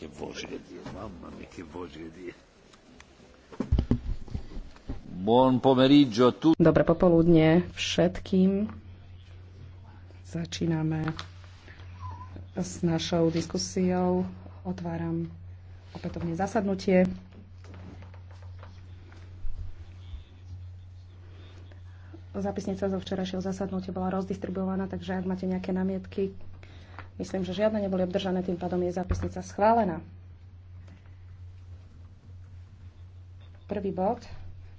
che voce mamma mia che voce Buon pomeriggio a tutti. Dobré popoludne všetkým. Začíname s našou diskusiou. Otváram opätovne zasadnutie. Zapisnica zo včerajšieho zasadnutia bola rozdistribuovaná, takže ak máte nejaké namietky, Myslím, že žiadne neboli obdržané, tým pádom je zápisnica schválená. Prvý bod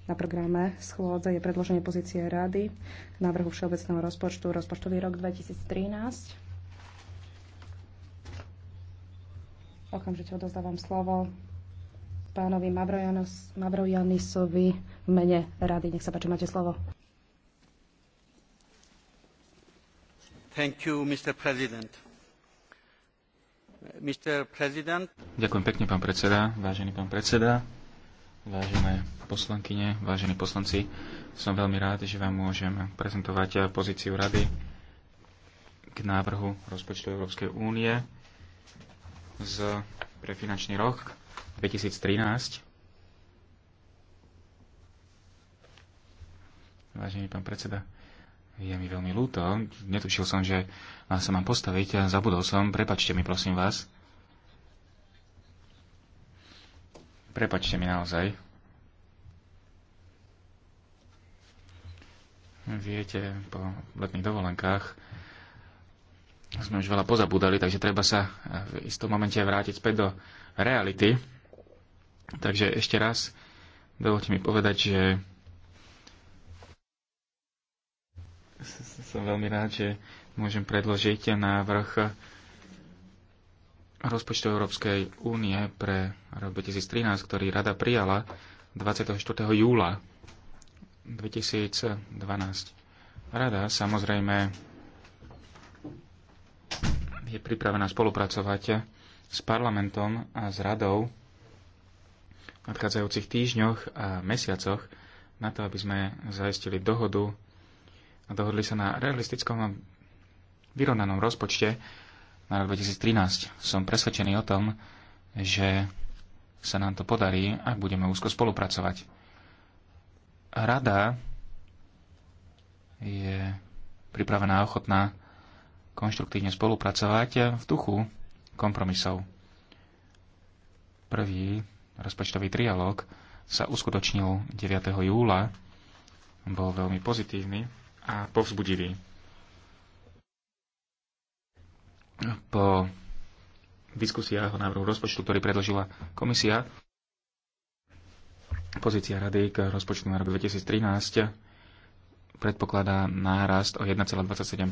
na programe schôdze je predloženie pozície rady k návrhu všeobecného rozpočtu rozpočtový rok 2013. Okamžite odozdávam slovo pánovi Mavrojanisovi v mene rady. Nech sa páči, máte slovo. Thank you, Mr. President. Ďakujem pekne, pán predseda. Vážený pán predseda, vážené poslankyne, vážení poslanci, som veľmi rád, že vám môžem prezentovať pozíciu Rady k návrhu rozpočtu Európskej únie z, pre finančný rok 2013. Vážený pán predseda, je mi veľmi ľúto. Netušil som, že sa mám postaviť. a Zabudol som. Prepačte mi, prosím vás. Prepačte mi naozaj. Viete, po letných dovolenkách sme už veľa pozabudali, takže treba sa v istom momente vrátiť späť do reality. Takže ešte raz dovolte mi povedať, že som veľmi rád, že môžem predložiť návrh rozpočtu Európskej únie pre rok 2013, ktorý rada prijala 24. júla 2012. Rada samozrejme je pripravená spolupracovať s parlamentom a s radou v nadchádzajúcich týždňoch a mesiacoch na to, aby sme zaistili dohodu a dohodli sa na realistickom a vyrovnanom rozpočte na rok 2013. Som presvedčený o tom, že sa nám to podarí, ak budeme úzko spolupracovať. Rada je pripravená a ochotná konštruktívne spolupracovať v duchu kompromisov. Prvý rozpočtový trialog sa uskutočnil 9. júla. Bol veľmi pozitívny a povzbudivý. Po diskusiách o návrhu rozpočtu, ktorý predložila komisia, pozícia rady k rozpočtu na rok 2013 predpokladá nárast o 1,27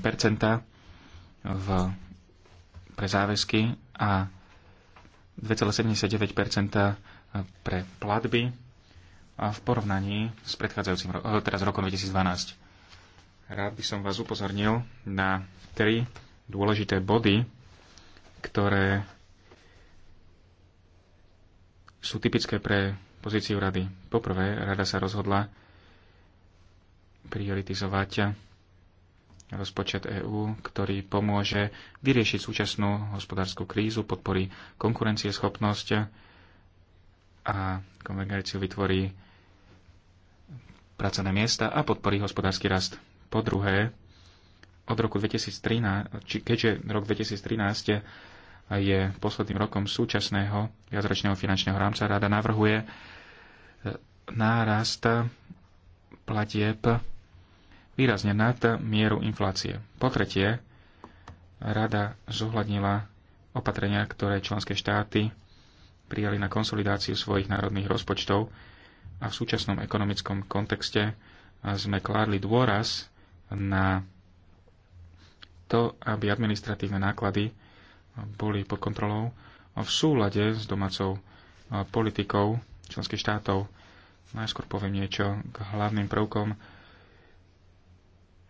v, pre záväzky a 2,79 pre platby a v porovnaní s predchádzajúcim, eh, teraz rokom 2012. Rád by som vás upozornil na tri dôležité body, ktoré sú typické pre pozíciu rady. Poprvé, rada sa rozhodla prioritizovať rozpočet EÚ, ktorý pomôže vyriešiť súčasnú hospodárskú krízu, podporí konkurencieschopnosť a konvergenciu vytvorí pracovné miesta a podporí hospodársky rast. Po druhé, od roku 2013, či keďže rok 2013 je posledným rokom súčasného viacročného finančného rámca, rada navrhuje e, nárast platieb výrazne nad mieru inflácie. Po tretie, rada zohľadnila opatrenia, ktoré členské štáty prijali na konsolidáciu svojich národných rozpočtov a v súčasnom ekonomickom kontexte sme kládli dôraz na to, aby administratívne náklady boli pod kontrolou v súlade s domácou e, politikou členských štátov. Najskôr poviem niečo k hlavným prvkom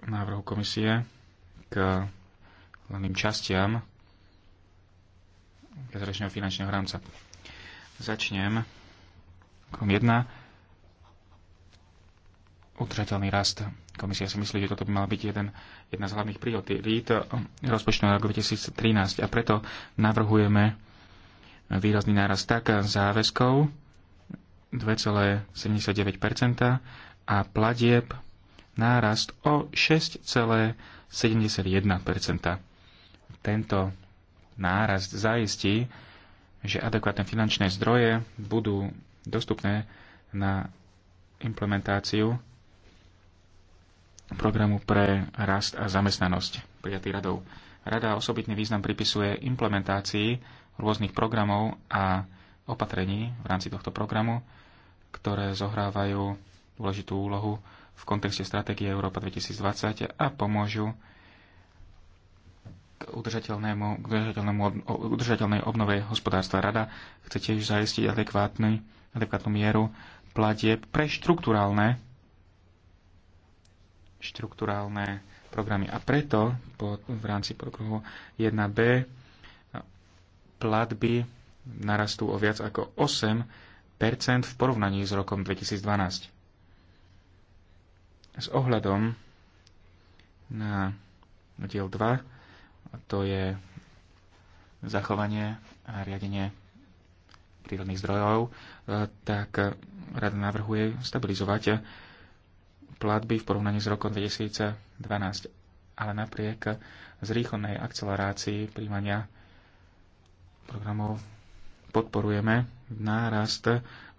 návrhu komisie, k hlavným častiam viacročného finančného rámca. Začnem krom 1. Udržateľný rast Komisia si myslí, že toto by mala byť jeden, jedna z hlavných priorít rozpočtu na rok 2013 a preto navrhujeme výrazný náraz tak záväzkov 2,79% a platieb nárast o 6,71%. Tento nárast zaistí, že adekvátne finančné zdroje budú dostupné na implementáciu programu pre rast a zamestnanosť prijatý radou. Rada osobitný význam pripisuje implementácii rôznych programov a opatrení v rámci tohto programu, ktoré zohrávajú dôležitú úlohu v kontexte stratégie Európa 2020 a pomôžu k, udržateľnému, k udržateľnému, udržateľnej obnove hospodárstva. Rada chce tiež zaistiť adekvátnu mieru platieb pre štruktúrálne štruktúrálne programy. A preto po, v rámci programu 1B eh, platby narastú o viac ako 8 v porovnaní s rokom 2012. S ohľadom na diel 2, to je zachovanie a riadenie prírodných zdrojov, eh, tak eh, rada navrhuje stabilizovať platby v porovnaní s rokom 2012, ale napriek zrýchlenej akcelerácii príjmania programov podporujeme nárast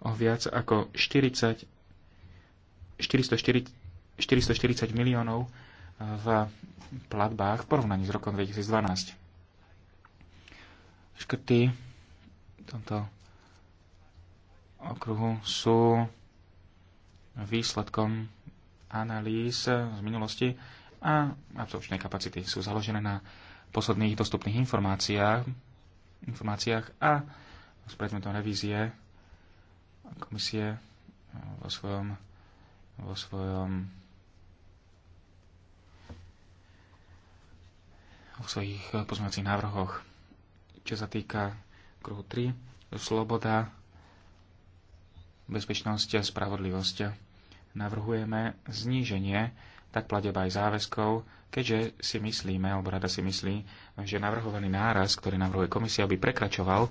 o viac ako 40, 440, 440 miliónov v platbách v porovnaní s rokom 2012. Škrty v tomto okruhu sú výsledkom analýz z minulosti a absorpčné kapacity sú založené na posledných dostupných informáciách, informáciách a s predmetom revízie komisie eh, vo svojom, vo svojom o svojich pozmeňovacích návrhoch. Čo sa týka kruhu 3, sloboda, bezpečnosť a spravodlivosť navrhujeme zníženie tak pladeb aj záväzkov, keďže si myslíme, alebo rada si myslí, že navrhovaný náraz, ktorý navrhuje komisia, by prekračoval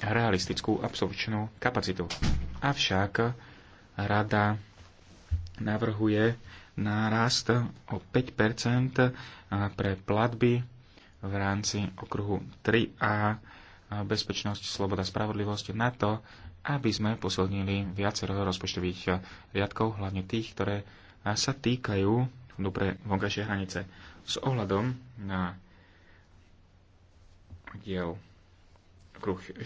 realistickú absorpčnú kapacitu. Avšak rada navrhuje nárast o 5 pre platby v rámci okruhu 3A bezpečnosť, sloboda, spravodlivosť na to, aby sme posilnili viacero rozpočtových eh, riadkov, hlavne tých, ktoré eh, sa týkajú dobre vonkajšie hranice. S ohľadom na diel kruh 4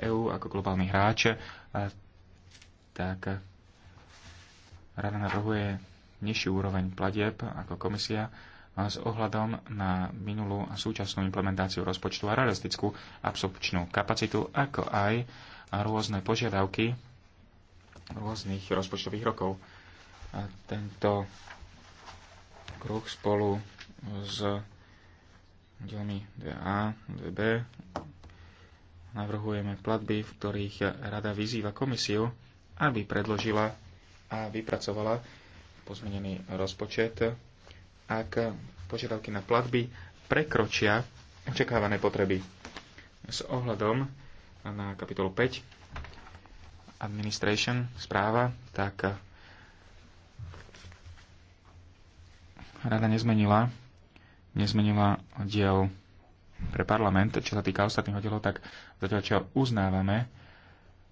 EÚ ako globálny hráč, eh, tak rada navrhuje nižší úroveň platieb ako komisia s ohľadom na minulú a súčasnú implementáciu rozpočtu a realistickú absorpčnú kapacitu, ako aj rôzne požiadavky rôznych rozpočtových rokov. A tento kruh spolu s dielmi 2A, 2B navrhujeme platby, v ktorých rada vyzýva komisiu, aby predložila a vypracovala pozmenený rozpočet ak požiadavky na platby prekročia očakávané potreby. S ohľadom na kapitolu 5 Administration, správa, tak rada nezmenila, nezmenila oddiel pre parlament, čo sa týka ostatných oddielov, tak zatiaľ čo uznávame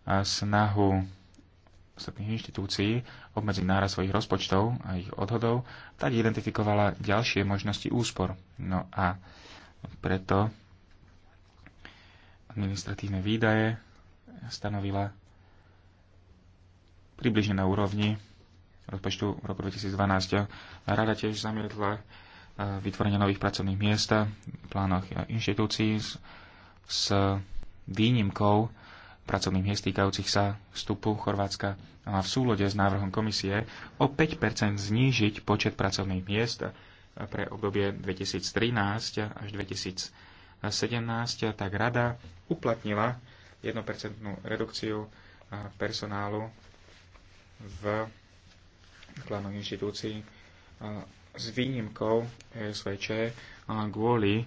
snahu ostatných inštitúcií obmedzi náraz svojich rozpočtov a ich odhodov, tak identifikovala ďalšie možnosti úspor. No a preto administratívne výdaje stanovila približne na úrovni rozpočtu v roku 2012. Rada tiež zamietla e, vytvorenie nových pracovných miest v plánoch inštitúcií s výnimkou pracovných miest týkajúcich sa vstupu Chorvátska no v súlode s návrhom komisie o 5 znížiť počet pracovných miest pre obdobie 2013 až 2017, tak rada uplatnila 1% redukciu personálu v hlavnom inštitúcii s výnimkou e SVČ kvôli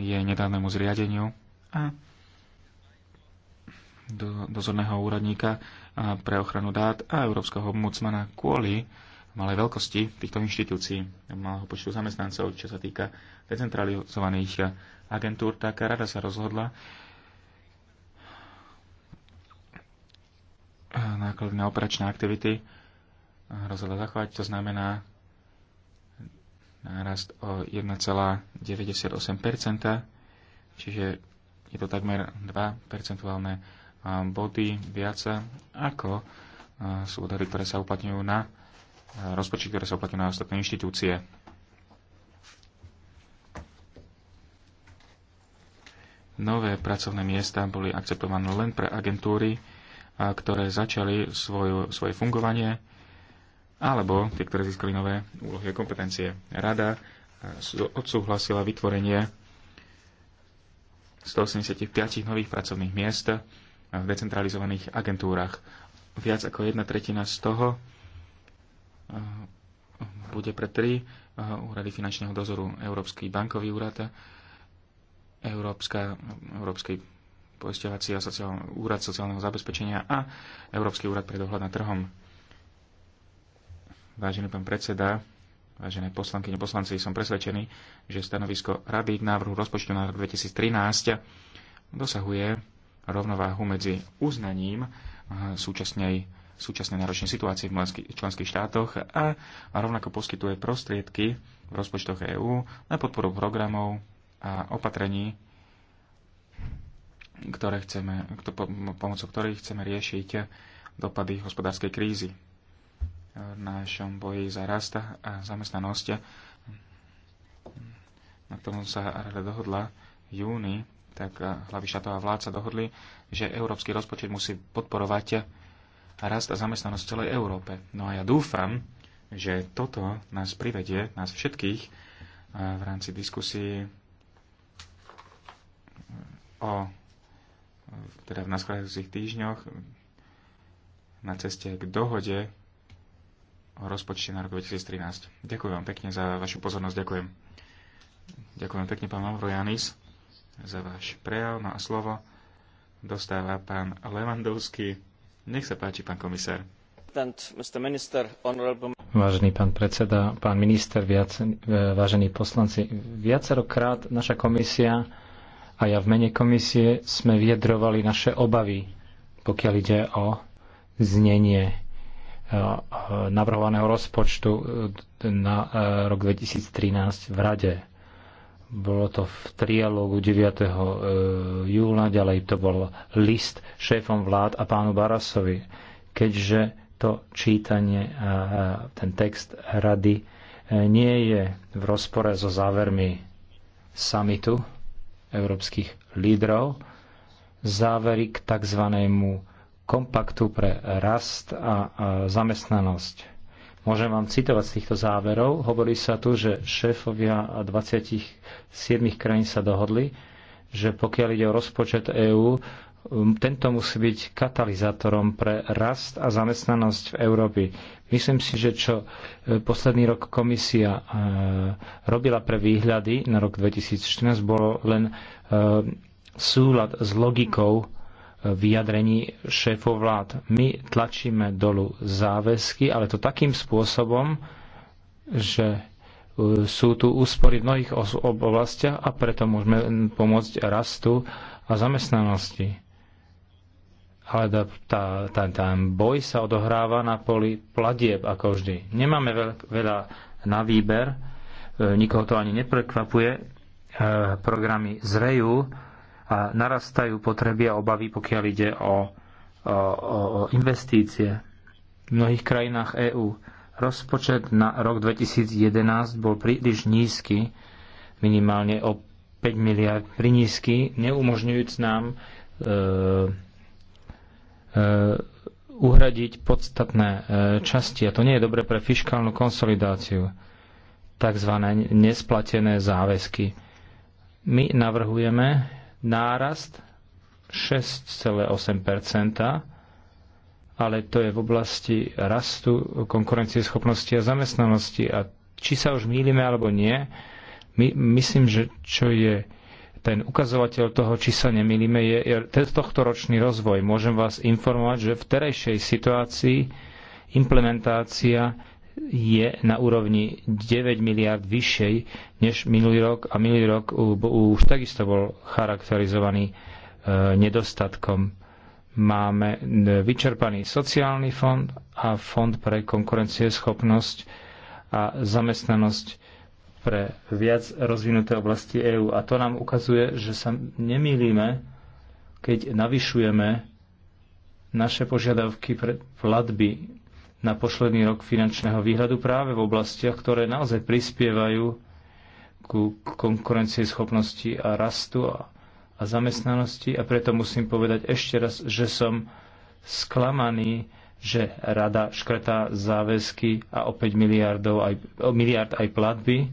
jej nedávnemu zriadeniu a do, dozorného úradníka pre ochranu dát a Európskeho ombudsmana kvôli malej veľkosti týchto inštitúcií, malého počtu zamestnancov, čo sa týka decentralizovaných agentúr, tak rada sa rozhodla eh, náklady na operačné aktivity eh, rozhodla zachovať, to znamená nárast o 1,98%, čiže je to takmer 2 percentuálne body viac ako e, sú odhady, ktoré sa uplatňujú na e, rozpočty, ktoré sa uplatňujú na ostatné inštitúcie. Nové pracovné miesta boli akceptované len pre agentúry, e, ktoré začali svoju, svoje fungovanie, alebo tie, ktoré získali nové úlohy a kompetencie. Rada odsúhlasila vytvorenie 185 nových pracovných miest v decentralizovaných agentúrach. Viac ako jedna tretina z toho eh, bude pre tri eh, úrady finančného dozoru Európsky bankový úrad, Európska, Európsky poisťovací a sociál, úrad sociálneho zabezpečenia a Európsky úrad pre dohľad na trhom. Vážený pán predseda, vážené poslanky poslanci, som presvedčený, že stanovisko Rady k návrhu rozpočtu na rok 2013 dosahuje rovnováhu medzi uznaním eh, súčasnej, súčasnej náročnej situácie v členských štátoch a rovnako poskytuje prostriedky v rozpočtoch EÚ na podporu programov a opatrení, ktoré chceme, pomocou ktorých chceme riešiť dopady hospodárskej krízy. V našom boji za rast a zamestnanosť, na tom sa rada dohodla v júni, tak eh, hlavy štátov a vlád sa dohodli, že európsky rozpočet musí podporovať rast a zamestnanosť v celej Európe. No a ja dúfam, že toto nás privedie, nás všetkých, eh, v rámci diskusí eh, o teda v nasledujúcich týždňoch na ceste k dohode o rozpočte na rok 2013. Ďakujem vám pekne za vašu pozornosť. Ďakujem. Ďakujem pekne, pán Janis za váš prejav. No a slovo dostáva pán Levandovský. Nech sa páči, pán komisár. Vážený pán predseda, pán minister, viac, vážení poslanci, viacerokrát naša komisia a ja v mene komisie sme vyjadrovali naše obavy, pokiaľ ide o znenie e, e, navrhovaného rozpočtu e, na rok 2013 v Rade bolo to v trialógu 9. E, júla, ďalej to bol list šéfom vlád a pánu Barasovi, keďže to čítanie a ten text rady e, nie je v rozpore so závermi samitu európskych lídrov, závery k tzv. kompaktu pre rast a zamestnanosť Môžem vám citovať z týchto záverov. Hovorí sa tu, že šéfovia 27 krajín sa dohodli, že pokiaľ ide o rozpočet EÚ, um, tento musí byť katalizátorom pre rast a zamestnanosť v Európe. Myslím si, že čo e, posledný rok komisia e, robila pre výhľady na rok 2014 bolo len e, súlad s logikou vyjadrení šéfov vlád. My tlačíme dolu záväzky, ale to takým spôsobom, že e, sú tu úspory v mnohých oblastiach a preto môžeme pomôcť rastu a zamestnanosti. Ale tá, tá, ten boj sa odohráva na poli platieb, ako vždy. Nemáme veľa na výber, e, nikoho to ani neprekvapuje. E, programy zrejú, a narastajú potreby a obavy, pokiaľ ide o, o, o investície v mnohých krajinách EÚ. Rozpočet na rok 2011 bol príliš nízky, minimálne o 5 miliard prinízky, neumožňujúc nám e, e, uhradiť podstatné e, časti. A to nie je dobre pre fiskálnu konsolidáciu, tzv. nesplatené záväzky. My navrhujeme nárast 6,8 ale to je v oblasti rastu konkurencieschopnosti a zamestnanosti. A či sa už mýlime alebo nie, my, myslím, že čo je ten ukazovateľ toho, či sa nemýlime, je, je tohto ročný rozvoj. Môžem vás informovať, že v terejšej situácii implementácia je na úrovni 9 miliard vyššej než minulý rok a minulý rok už takisto bol charakterizovaný e, nedostatkom. Máme e, vyčerpaný sociálny fond a fond pre konkurencieschopnosť a zamestnanosť pre viac rozvinuté oblasti EÚ. A to nám ukazuje, že sa nemýlime, keď navyšujeme naše požiadavky pre platby na posledný rok finančného výhľadu práve v oblastiach, ktoré naozaj prispievajú ku schopnosti a rastu a, a zamestnanosti. A preto musím povedať ešte raz, že som sklamaný, že rada škretá záväzky a o 5 miliardov aj, o miliard aj platby.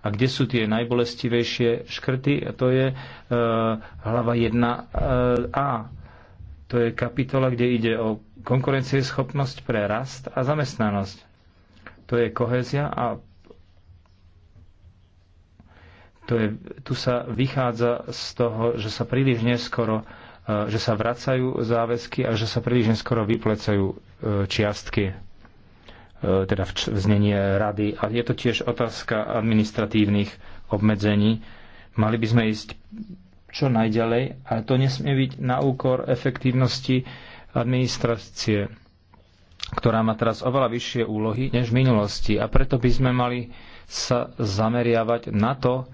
A kde sú tie najbolestivejšie škrty? A to je e, hlava 1a. E, to je kapitola, kde ide o konkurencieschopnosť pre rast a zamestnanosť. To je kohézia a to je, tu sa vychádza z toho, že sa príliš neskoro e, že sa vracajú záväzky a že sa príliš neskoro vyplecajú e, čiastky e, teda v, v znení rady. A je to tiež otázka administratívnych obmedzení. Mali by sme ísť čo najďalej, ale to nesmie byť na úkor efektívnosti administrácie, ktorá má teraz oveľa vyššie úlohy než v minulosti. A preto by sme mali sa zameriavať na to,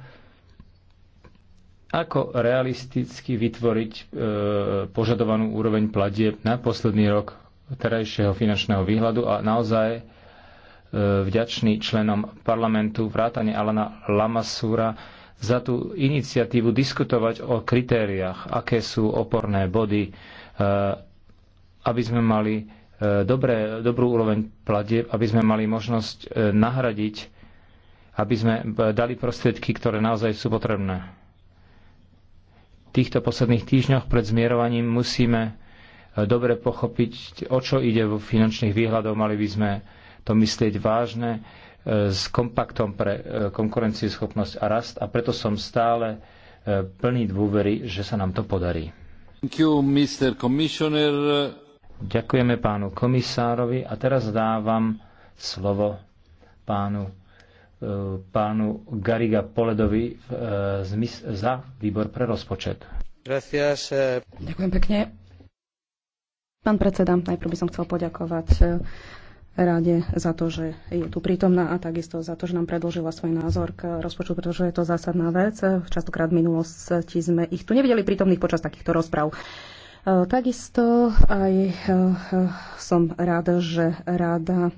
ako realisticky vytvoriť e, požadovanú úroveň platieb na posledný rok terajšieho finančného výhľadu a naozaj e, vďačný členom parlamentu vrátane Alana Lamasúra za tú iniciatívu diskutovať o kritériách, aké sú oporné body, e, aby sme mali e, dobré, dobrú úroveň platieb, aby sme mali možnosť e, nahradiť, aby sme dali prostriedky, ktoré naozaj sú potrebné. V týchto posledných týždňoch pred zmierovaním musíme dobre pochopiť, o čo ide vo finančných výhľadoch. Mali by sme to myslieť vážne s kompaktom pre e, konkurencieschopnosť a rast a preto som stále e, plný dôvery, že sa nám to podarí. You, Ďakujeme pánu komisárovi a teraz dávam slovo pánu, e, pánu Gariga Poledovi za výbor pre rozpočet. Gracias. Ďakujem pekne. Pán predseda, najprv by som chcel poďakovať rade za to, že je tu prítomná a takisto za to, že nám predložila svoj názor k rozpočtu, pretože je to zásadná vec. Častokrát v minulosti sme ich tu nevideli prítomných počas takýchto rozpráv. E, takisto aj e, som rada, že rada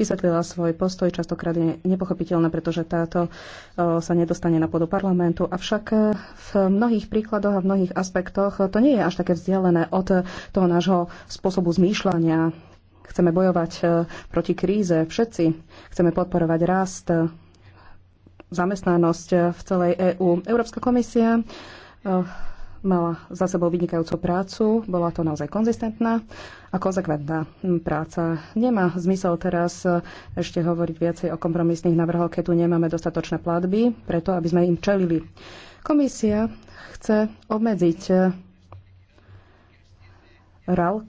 vysvetlila svoj postoj, častokrát je nepochopiteľná, pretože táto e, sa nedostane na pôdu parlamentu. Avšak v mnohých príkladoch a v mnohých aspektoch to nie je až také vzdialené od toho nášho spôsobu zmýšľania, Chceme bojovať e, proti kríze všetci. Chceme podporovať rast, e, zamestnanosť e, v celej EÚ. Európska komisia mala za sebou vynikajúcu prácu, bola to naozaj konzistentná a konzekventná práca. Nemá zmysel teraz ešte hovoriť viacej o kompromisných navrhoch, keď tu nemáme dostatočné platby, preto aby sme im čelili. Komisia chce obmedziť RAL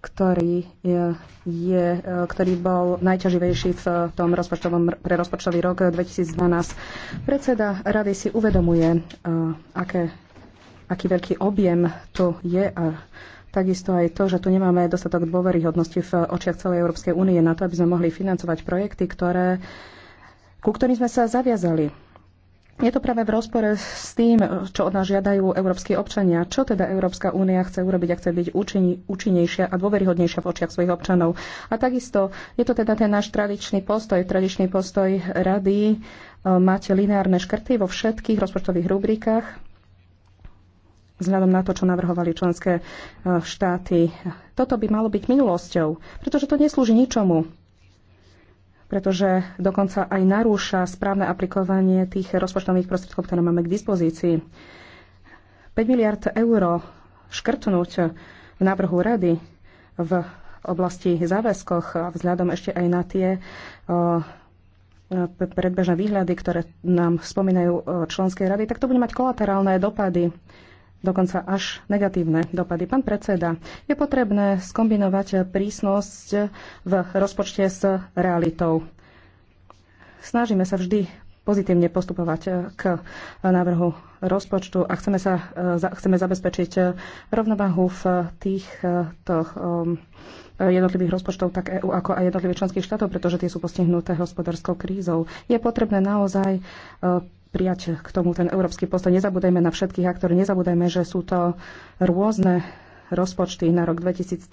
ktorý e, je, je, ktorý bol najťaživejší v tom rozpočtovom, pre rozpočtový rok 2012. Predseda rady si uvedomuje, e, aké, aký veľký objem to je a Takisto aj to, že tu nemáme dostatok dôveryhodnosti v očiach celej Európskej únie na to, aby sme mohli financovať projekty, ktoré, ku ktorým sme sa zaviazali je to práve v rozpore s tým, čo od nás žiadajú európsky občania. Čo teda Európska únia chce urobiť a chce byť účinnejšia a dôveryhodnejšia v očiach svojich občanov. A takisto je to teda ten náš tradičný postoj, tradičný postoj rady máte lineárne škrty vo všetkých rozpočtových rubrikách vzhľadom na to, čo navrhovali členské e, štáty. Toto by malo byť minulosťou, pretože to neslúži ničomu pretože dokonca aj narúša správne aplikovanie tých rozpočtových prostriedkov, ktoré máme k dispozícii. 5 miliard eur škrtnúť v návrhu rady v oblasti záväzkoch a vzhľadom ešte aj na tie predbežné výhľady, ktoré nám spomínajú členské rady, tak to bude mať kolaterálne dopady dokonca až negatívne dopady. Pán predseda, je potrebné skombinovať prísnosť v rozpočte s realitou. Snažíme sa vždy pozitívne postupovať k návrhu rozpočtu a chceme, sa, chceme zabezpečiť rovnováhu v týchto um, jednotlivých rozpočtov tak EÚ ako aj jednotlivých členských štátov, pretože tie sú postihnuté hospodárskou krízou. Je potrebné naozaj uh, prijať k tomu ten európsky postoj. Nezabúdajme na všetkých aktorov, nezabúdajme, že sú to rôzne rozpočty na rok 2013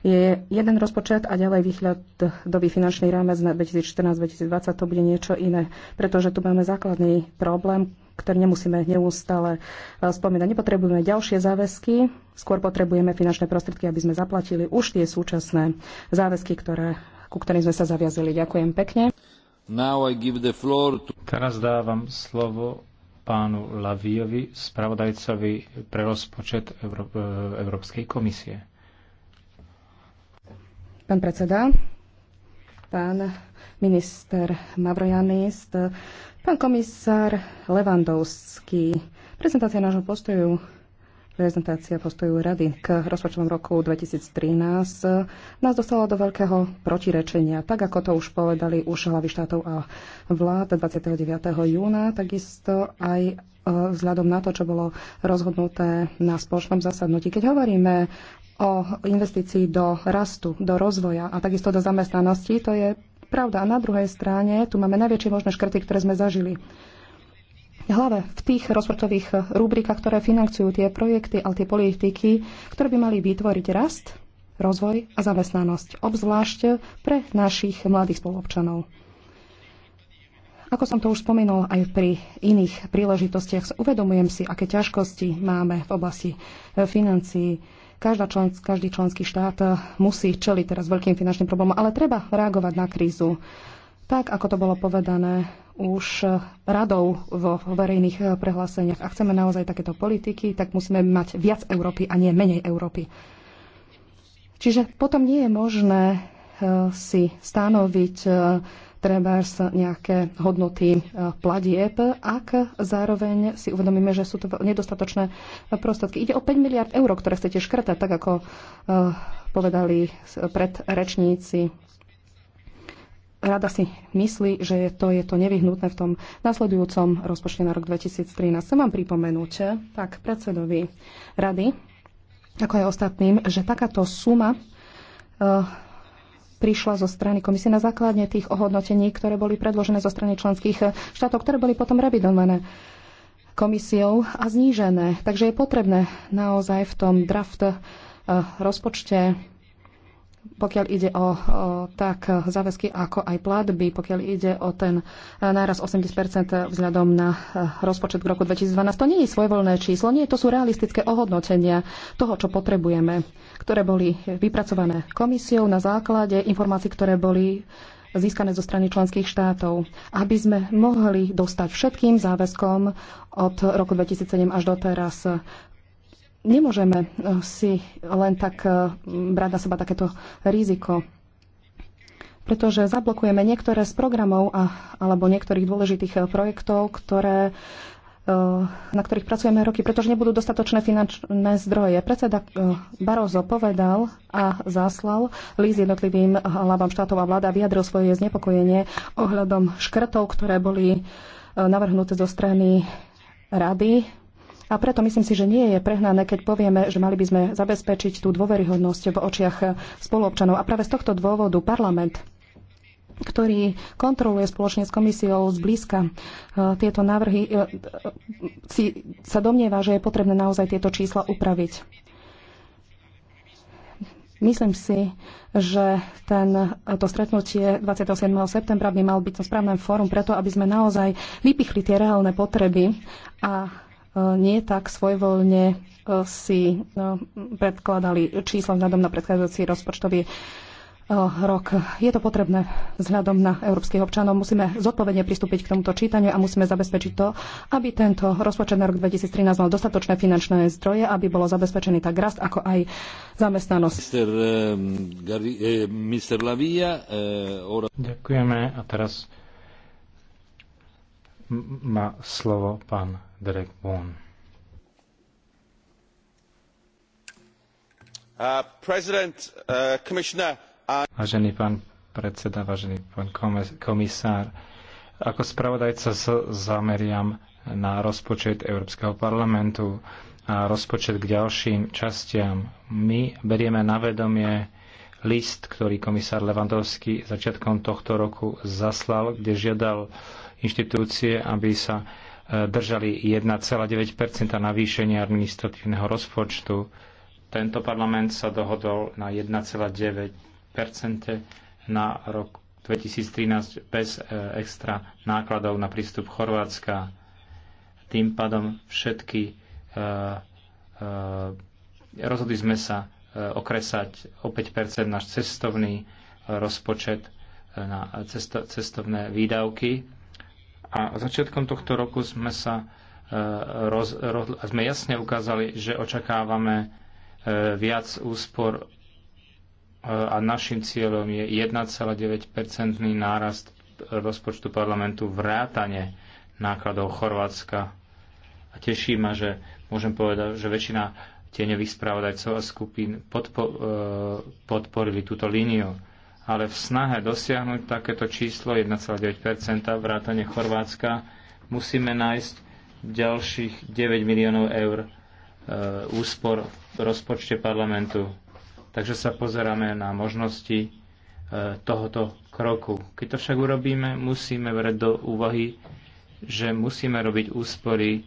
je jeden rozpočet a ďalej výhľad doby finančný rámec na 2014-2020 to bude niečo iné, pretože tu máme základný problém, ktorý nemusíme neustále e, spomínať. Nepotrebujeme ďalšie záväzky, skôr potrebujeme finančné prostriedky, aby sme zaplatili už tie súčasné záväzky, ktoré, ku ktorým sme sa zaviazili. Ďakujem pekne. To... Teraz dávam slovo pánu Laviovi, spravodajcovi pre rozpočet e, Európskej komisie. Pán predseda, pán minister Mavrojanis, pán komisár Levandovský. Prezentácia nášho postoju prezentácia postoju rady k rozpočtovom roku 2013 nás dostala do veľkého protirečenia. Tak ako to už povedali už hlavy štátov a vlád 29. júna, takisto aj e, vzhľadom na to, čo bolo rozhodnuté na spoločnom zasadnutí. Keď hovoríme o investícii do rastu, do rozvoja a takisto do zamestnanosti, to je pravda. A na druhej strane tu máme najväčšie možné škrty, ktoré sme zažili hlave v tých rozpočtových rubrikách, ktoré financujú tie projekty, ale tie politiky, ktoré by mali vytvoriť rast, rozvoj a zamestnanosť, obzvlášť pre našich mladých spolupčanov. Ako som to už spomenul aj pri iných príležitostiach, uvedomujem si, aké ťažkosti máme v oblasti eh, financií. Každá člen, každý členský štát eh, musí čeliť teraz veľkým finančným problémom, ale treba reagovať na krízu tak ako to bolo povedané už radou vo verejných prehláseniach. A chceme naozaj takéto politiky, tak musíme mať viac Európy a nie menej Európy. Čiže potom nie je možné eh, si stanoviť eh, treba nejaké hodnoty eh, pladieb, ak zároveň si uvedomíme, že sú to nedostatočné prostredky. Ide o 5 miliard eur, ktoré chcete škrtať, tak ako povedali predrečníci rada si myslí, že je to, je to nevyhnutné v tom nasledujúcom rozpočte na rok 2013. Chcem vám pripomenúť tak predsedovi rady, ako aj ostatným, že takáto suma uh, prišla zo strany komisie na základe tých ohodnotení, ktoré boli predložené zo strany členských štátov, ktoré boli potom revidované komisiou a znížené. Takže je potrebné naozaj v tom draft eh, rozpočte pokiaľ ide o, o tak záväzky ako aj platby, pokiaľ ide o ten e, náraz 80 vzhľadom na e, rozpočet k roku 2012. To nie je svojvoľné číslo, nie, to sú realistické ohodnotenia toho, čo potrebujeme, ktoré boli vypracované komisiou na základe informácií, ktoré boli získané zo strany členských štátov, aby sme mohli dostať všetkým záväzkom od roku 2007 až doteraz. Nemôžeme eh, si len tak eh, brať na seba takéto riziko, pretože zablokujeme niektoré z programov a, alebo niektorých dôležitých eh, projektov, ktoré na ktorých pracujeme roky, pretože nebudú dostatočné finančné zdroje. Predseda Barozo povedal a zaslal líz jednotlivým hlavám štátov a vláda vyjadril svoje znepokojenie ohľadom škrtov, ktoré boli navrhnuté zo strany rady a preto myslím si, že nie je prehnané, keď povieme, že mali by sme zabezpečiť tú dôveryhodnosť v očiach spoluobčanov. A práve z tohto dôvodu parlament ktorý kontroluje spoločne s komisiou zblízka e, tieto návrhy, e, e, si, sa domnieva, že je potrebné naozaj tieto čísla upraviť. Myslím si, že ten, to stretnutie 27. septembra by mal byť to správne fórum preto, aby sme naozaj vypichli tie reálne potreby a Eh, nie tak svojvoľne eh, si eh, predkladali čísla vzhľadom na predchádzajúci rozpočtový rok. Je to potrebné vzhľadom na európskych občanov. Musíme zodpovedne pristúpiť k tomuto čítaniu a musíme zabezpečiť to, aby tento rozpočet na rok 2013 mal dostatočné finančné zdroje, aby bolo zabezpečený tak rast, ako aj zamestnanosť. Mister, eh, Lavia, eh, or... Ďakujeme a teraz má slovo pán Derek Boon. Uh, uh, uh, vážený pán predseda, vážený pán komisár, ako spravodajca sa zameriam na rozpočet Európskeho parlamentu a rozpočet k ďalším častiam. My berieme na vedomie list, ktorý komisár Levandovský začiatkom tohto roku zaslal, kde žiadal inštitúcie, aby sa e, držali 1,9 navýšenia administratívneho rozpočtu. Tento parlament sa dohodol na 1,9 na rok 2013 bez e, extra nákladov na prístup Chorvátska. Tým pádom všetky e, rozhodli sme sa Eh, okresať o 5 náš cestovný eh, rozpočet eh, na cesto, cestovné výdavky. A začiatkom tohto roku sme sa roz, roz, sme jasne ukázali, že očakávame viac úspor a našim cieľom je 19 nárast rozpočtu parlamentu vrátane nákladov Chorvátska. A teší ma, že môžem povedať, že väčšina tieňových spravodajcov a skupín podpo, e, podporili túto líniu. Ale v snahe dosiahnuť takéto číslo 1,9 vrátane Chorvátska musíme nájsť ďalších 9 miliónov eur e, úspor v rozpočte parlamentu. Takže sa pozeráme na možnosti e, tohoto kroku. Keď to však urobíme, musíme brať do úvahy, že musíme robiť úspory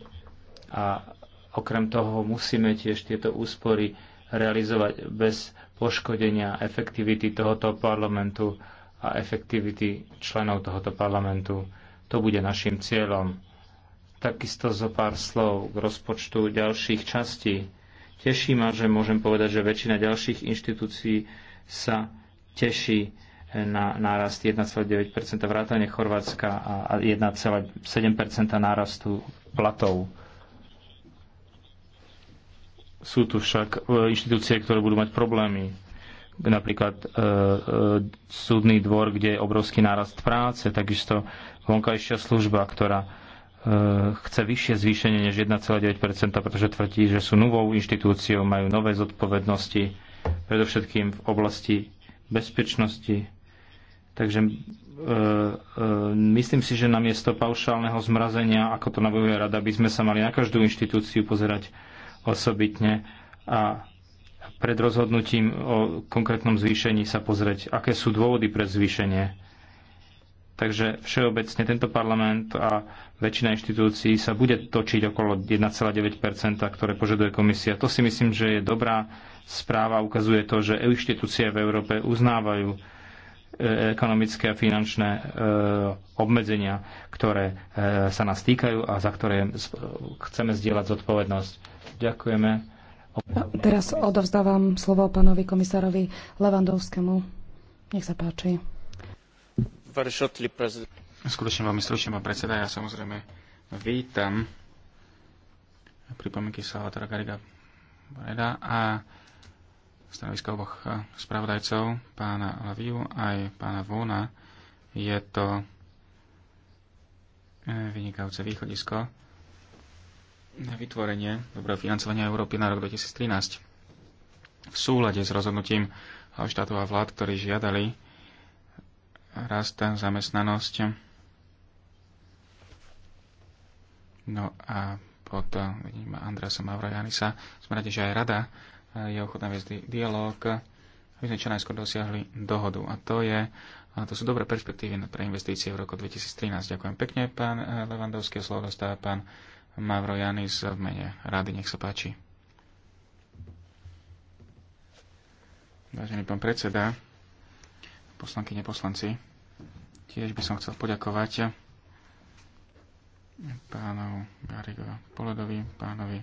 a Okrem toho musíme tiež tieto úspory realizovať bez poškodenia efektivity tohoto parlamentu a efektivity členov tohoto parlamentu. To bude našim cieľom. Takisto zo pár slov k rozpočtu ďalších častí. Teší ma, že môžem povedať, že väčšina ďalších inštitúcií sa teší na nárast 1,9 vrátane Chorvátska a 1,7 nárastu platov sú tu však e, inštitúcie, ktoré budú mať problémy. Napríklad e, e, súdny dvor, kde je obrovský nárast práce, takisto vonkajšia služba, ktorá e, chce vyššie zvýšenie než 1,9%, pretože tvrdí, že sú novou inštitúciou, majú nové zodpovednosti, predovšetkým v oblasti bezpečnosti. Takže e, e, myslím si, že namiesto paušálneho zmrazenia, ako to navrhuje rada, by sme sa mali na každú inštitúciu pozerať osobitne a pred rozhodnutím o konkrétnom zvýšení sa pozrieť, aké sú dôvody pre zvýšenie. Takže všeobecne tento parlament a väčšina inštitúcií sa bude točiť okolo 1,9%, ktoré požaduje komisia. To si myslím, že je dobrá správa. Ukazuje to, že inštitúcie v Európe uznávajú E, ekonomické a finančné e, obmedzenia, ktoré e, sa nás týkajú a za ktoré chceme zdieľať zodpovednosť. Ďakujeme. Teraz odovzdávam slovo pánovi komisárovi Levandovskému. Nech sa páči. Skutočne veľmi stručne, pán predseda, ja samozrejme vítam pripomienky Salvatora Gariga Breda a stanoviska oboch eh, spravodajcov, pána Laviu aj pána Vona, je to eh, vynikajúce východisko na vytvorenie dobrého financovania Európy na rok 2013. V súlade s rozhodnutím štátov a vlád, ktorí žiadali rast zamestnanosť. No a pod vedením Andrasa Mavrojanisa sme radi, že aj rada je ochotná viesť dialog, aby sme čo najskôr dosiahli dohodu. A to, je, a to sú dobré perspektívy pre investície v roku 2013. Ďakujem pekne, pán eh, Levandovský. Slovo dostáva pán Mavro Janis v mene rady. Nech sa páči. Vážený pán predseda, poslanky neposlanci, tiež by som chcel poďakovať pánov Garigo Poledovi, pánovi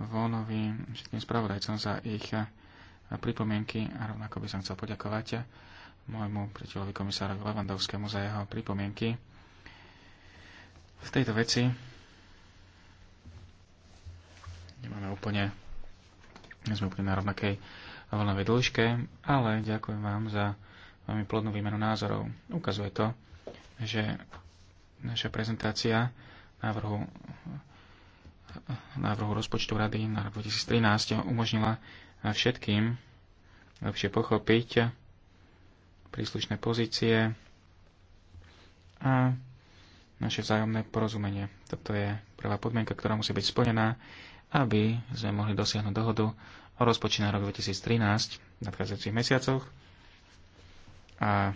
Vonovi, všetkým spravodajcom za ich eh, pripomienky a rovnako by som chcel poďakovať eh, môjmu priateľovi komisárovi Levandovskému za jeho pripomienky v tejto veci. Nemáme úplne, nie sme úplne na rovnakej voľnovej dĺžke, ale ďakujem vám za veľmi plodnú výmenu názorov. Ukazuje to, že naša prezentácia návrhu návrhu rozpočtu Rady na rok 2013 umožnila všetkým lepšie pochopiť príslušné pozície a naše vzájomné porozumenie. Toto je prvá podmienka, ktorá musí byť splnená, aby sme mohli dosiahnuť dohodu o rozpočte na rok 2013 v nadchádzajúcich mesiacoch. A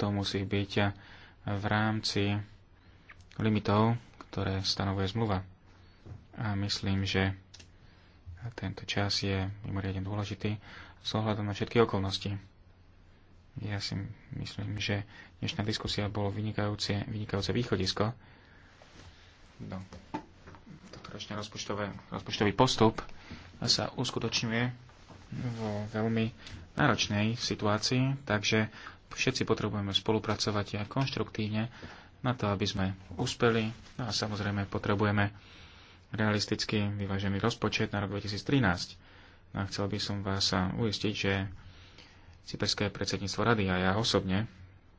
to musí byť v rámci limitov, ktoré stanovuje zmluva a myslím, že tento čas je mimoriadne dôležitý s ohľadom na všetky okolnosti. Ja si myslím, že dnešná diskusia bolo vynikajúce, vynikajúce východisko. No. Totoročne rozpočtový postup sa uskutočňuje vo veľmi náročnej situácii, takže všetci potrebujeme spolupracovať aj konštruktívne na to, aby sme uspeli. No a samozrejme potrebujeme realisticky vyvážený rozpočet na rok 2013. No a chcel by som vás uistiť, že cyperské predsedníctvo rady a ja osobne,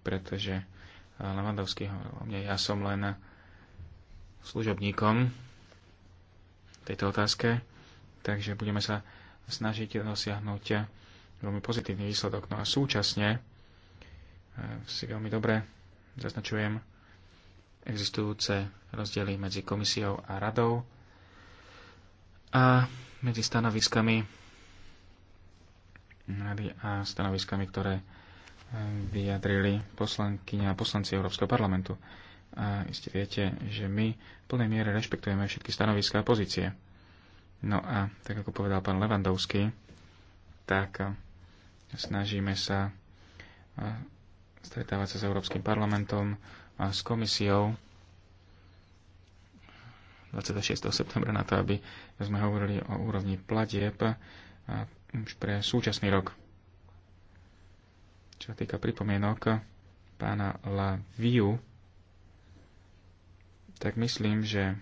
pretože Lewandowski hovoril o mne, ja som len služobníkom tejto otázke, takže budeme sa snažiť dosiahnuť veľmi pozitívny výsledok. No a súčasne e, si veľmi dobre zaznačujem existujúce rozdiely medzi komisiou a radou a medzi stanoviskami a stanoviskami, ktoré eh, vyjadrili poslankyňa a poslanci Európskeho parlamentu. A iste viete, že my v plnej miere rešpektujeme všetky stanoviská a pozície. No a tak ako povedal pán Levandovský, tak eh, snažíme sa eh, stretávať sa s Európskym parlamentom a s komisiou 26. septembra na to, aby sme hovorili o úrovni platieb už pre súčasný rok. Čo sa týka pripomienok pána Laviu, tak myslím, že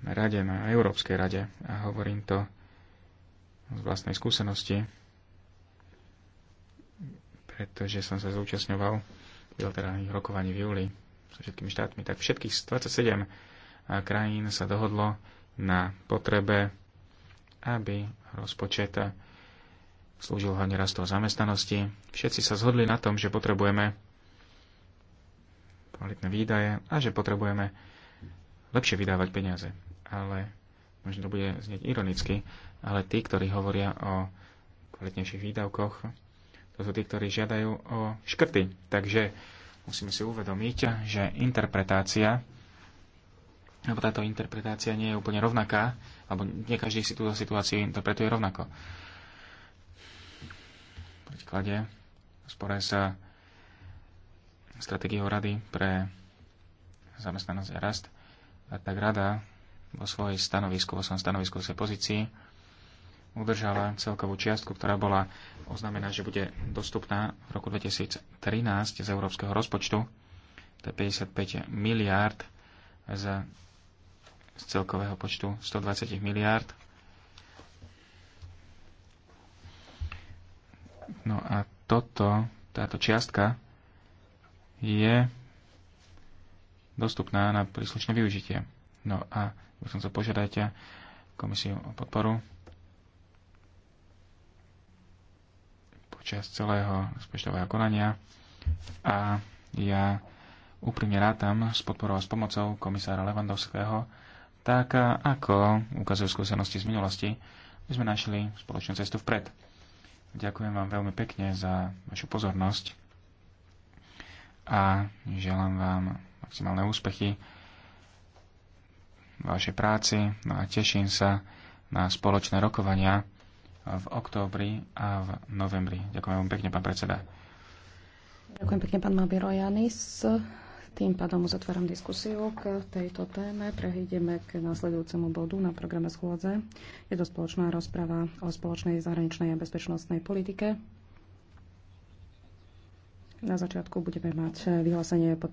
na rade, na Európskej rade, a hovorím to z vlastnej skúsenosti, pretože som sa zúčastňoval bilaterálnych rokovaní v júli všetkými štátmi, tak všetkých 27 krajín sa dohodlo na potrebe, aby rozpočet slúžil hlavne rastu a zamestnanosti. Všetci sa zhodli na tom, že potrebujeme kvalitné výdaje a že potrebujeme lepšie vydávať peniaze. Ale možno to bude znieť ironicky, ale tí, ktorí hovoria o kvalitnejších výdavkoch, to sú tí, ktorí žiadajú o škrty. Takže Musíme si uvedomiť, že interpretácia alebo táto interpretácia nie je úplne rovnaká, alebo nie každý si túto situáciu interpretuje rovnako. V príklade spore sa stratégiou Rady pre zamestnanosť a rast, a tak rada vo svojej stanovisku, vo svojom stanovisku, svojej pozícii udržala celkovú čiastku, ktorá bola oznamená, že bude dostupná v roku 2013 z európskeho rozpočtu. To je 55 miliárd z, z celkového počtu 120 miliárd. No a toto, táto čiastka je dostupná na príslušné využitie. No a musím sa požiadať komisiu o podporu počas celého rozpočtového konania a ja úprimne rátam s podporou a s pomocou komisára Levandovského, tak ako ukazujú skúsenosti z minulosti, my sme našli spoločnú cestu vpred. Ďakujem vám veľmi pekne za vašu pozornosť a želám vám maximálne úspechy v vašej práci no a teším sa na spoločné rokovania v októbri a v novembri. Ďakujem veľmi pekne, pán predseda. Ďakujem pekne, pán Mabiro Janis. Tým pádom uzatváram diskusiu k tejto téme. Prejdeme k následujúcemu bodu na programe schôdze. Je to spoločná rozprava o spoločnej zahraničnej a bezpečnostnej politike. Na začiatku budeme mať vyhlásenie pod